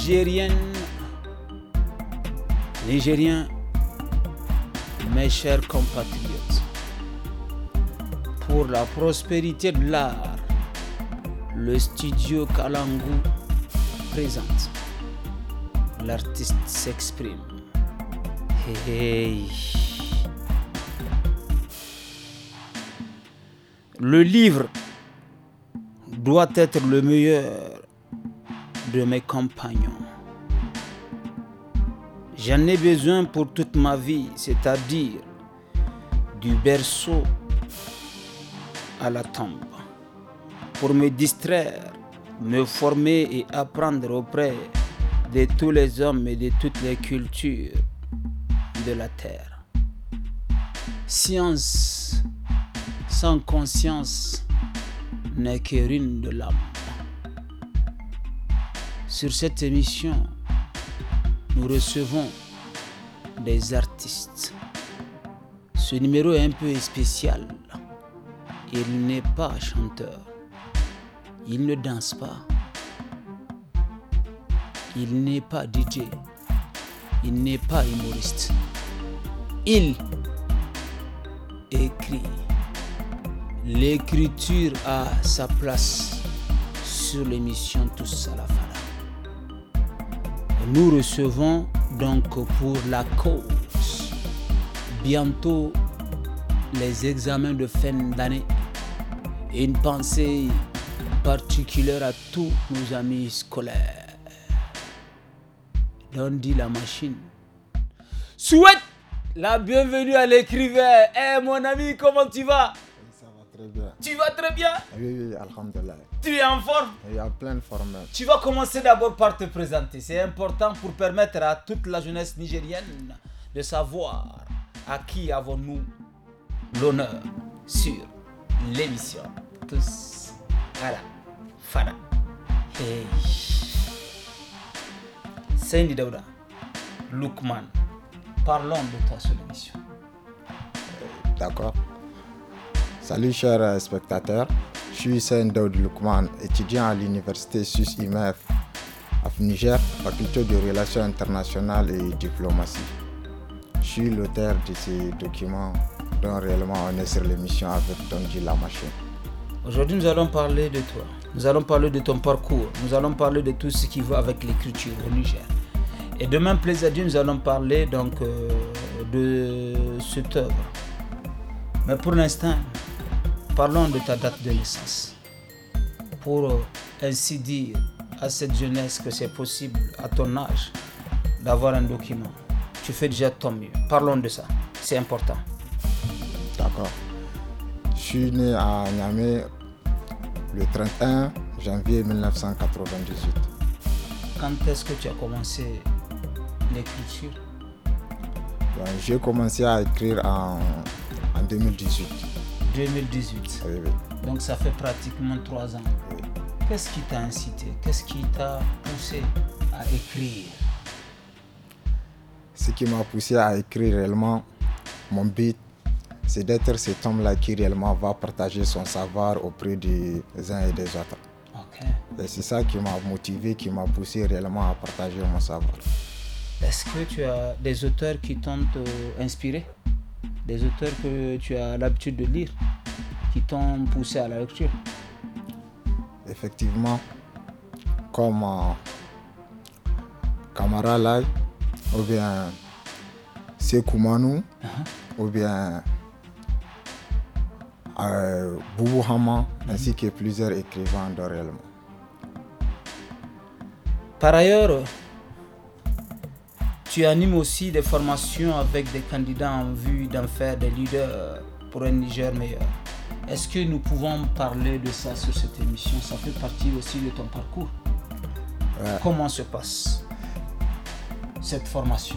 Nigérien, Nigérien, mes chers compatriotes, pour la prospérité de l'art, le studio Kalangu présente. L'artiste s'exprime. hey. Le livre doit être le meilleur de mes compagnons. J'en ai besoin pour toute ma vie, c'est-à-dire du berceau à la tombe, pour me distraire, me former et apprendre auprès de tous les hommes et de toutes les cultures de la terre. Science sans conscience n'est qu'une de l'âme. Sur cette émission, nous recevons des artistes. Ce numéro est un peu spécial. Il n'est pas chanteur. Il ne danse pas. Il n'est pas DJ. Il n'est pas humoriste. Il écrit. L'écriture a sa place sur l'émission Tous à la fin. Nous recevons donc pour la cause bientôt les examens de fin d'année. Une pensée particulière à tous nos amis scolaires. L'on dit la machine. Souhaite la bienvenue à l'écrivain. Eh mon ami, comment tu vas tu vas très bien Oui, oui, Alhamdulillah. Tu es en forme Il y a plein de formes. Tu vas commencer d'abord par te présenter. C'est important pour permettre à toute la jeunesse nigérienne de savoir à qui avons-nous l'honneur sur l'émission. Tous à la fada. Hey. Daouda, Lukman, parlons de toi sur l'émission. D'accord. Salut chers euh, spectateurs, je suis Sen Lukman, étudiant à l'université SUS-IMEF à Niger, faculté de relations internationales et diplomatie. Je suis l'auteur de ces documents dont réellement on est sur l'émission avec Donji Lamaché. Aujourd'hui, nous allons parler de toi. Nous allons parler de ton parcours. Nous allons parler de tout ce qui va avec l'écriture au Niger. Et demain, plaisir nous allons parler donc euh, de cette œuvre. Mais pour l'instant, parlons de ta date de naissance. Pour euh, ainsi dire à cette jeunesse que c'est possible, à ton âge, d'avoir un document. Tu fais déjà ton mieux. Parlons de ça. C'est important. D'accord. Je suis né à Niamey le 31 janvier 1998. Quand est-ce que tu as commencé l'écriture ben, J'ai commencé à écrire en 2018. 2018. Donc ça fait pratiquement trois ans. Qu'est-ce qui t'a incité Qu'est-ce qui t'a poussé à écrire Ce qui m'a poussé à écrire réellement, mon but, c'est d'être cet homme-là qui réellement va partager son savoir auprès des uns et des autres. Et c'est ça qui m'a motivé, qui m'a poussé réellement à partager mon savoir. Est-ce que tu as des auteurs qui t'ont euh, inspiré des auteurs que tu as l'habitude de lire, qui t'ont poussé à la lecture. Effectivement, comme Kamara euh, Lai, ou bien Sekou uh-huh. ou bien euh, Boubou Hama, ainsi que plusieurs écrivains réellement Par ailleurs, tu animes aussi des formations avec des candidats en vue d'en faire des leaders pour un Niger meilleur. Est-ce que nous pouvons parler de ça sur cette émission Ça fait partie aussi de ton parcours. Comment se passe cette formation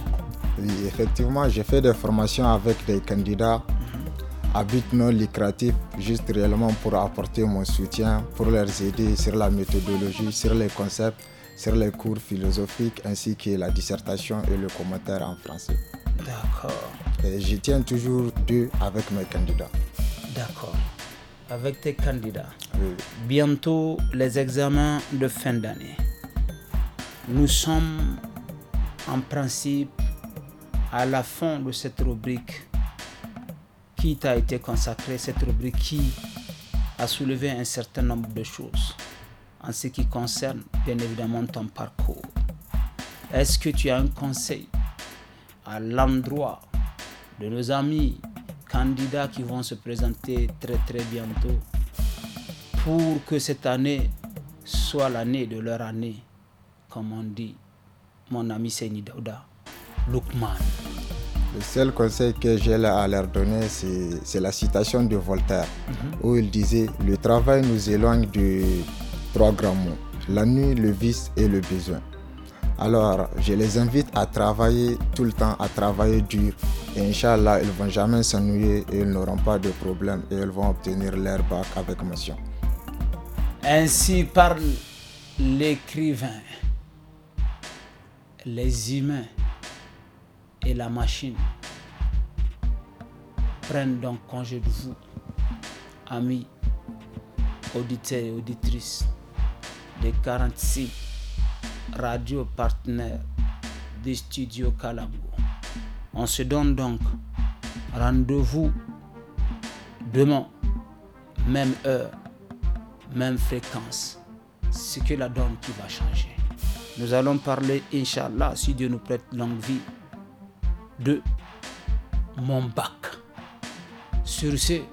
Oui, effectivement, j'ai fait des formations avec des candidats mhm. à but non lucratif, juste réellement pour apporter mon soutien, pour leur aider sur la méthodologie, sur les concepts sur les cours philosophiques ainsi que la dissertation et le commentaire en français. D'accord. Et je tiens toujours deux avec mes candidats. D'accord. Avec tes candidats. Bientôt les examens de fin d'année. Nous sommes en principe à la fin de cette rubrique qui t'a été consacrée, cette rubrique qui a soulevé un certain nombre de choses en ce qui concerne bien évidemment ton parcours. Est-ce que tu as un conseil à l'endroit de nos amis candidats qui vont se présenter très très bientôt pour que cette année soit l'année de leur année, comme on dit mon ami Seyni Dauda, Lukman. Le seul conseil que j'ai à leur donner, c'est la citation de Voltaire, mhm. où il disait Le travail nous éloigne de trois grands mots, la nuit, le vice et le besoin. Alors, je les invite à travailler tout le temps, à travailler dur. Et Inch'Allah, ils ne vont jamais s'ennuyer et ils n'auront pas de problème et ils vont obtenir leur bac avec mention. Ainsi parle l'écrivain, les humains et la machine prennent donc congé de vous, amis, auditeurs et auditrices. 46 radio partenaires des studios Calabou. On se donne donc rendez-vous demain, même heure, même fréquence. C'est que la donne qui va changer. Nous allons parler, Inch'Allah, si Dieu nous prête longue vie, de mon bac. Sur ce,